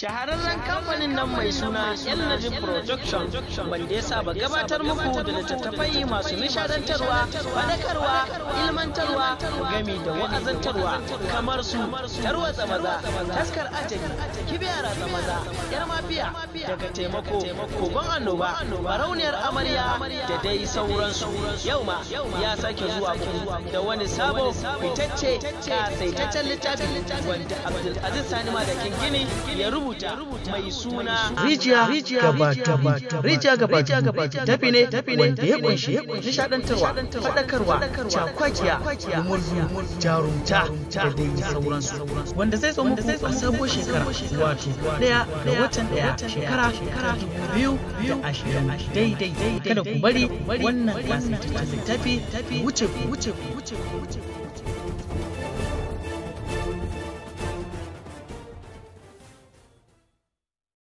shahararren kamfanin nan mai suna energy Production wanda ya saba gabatar muku da littattafai masu nishadantarwa, fadakarwa, ilmantarwa, gami da wa'azantarwa kamar su tarwa maza, taskar ajiyar kibiyar da yar mafiya, daga taimako, kogon annoba, barauniyar amarya da dai sauransu. Yau ma ya sake zuwa muku da wani sabon fitacce saitaccen littafi wanda Abdulaziz Sani da Gini ya rubuta rubuta mai suna rijiya rijiya rijiya gaba tafi ne tafi ne da ya kunshi nishadantarwa fadakarwa cakwakiya lumurzu jarumta da dai sauransu wanda zai zo muku a sabuwar shekara wato daya da watan daya shekara biyu da ashirin daidai kada ku bari wannan kasance ta tafi wuce wuce wuce wuce wuce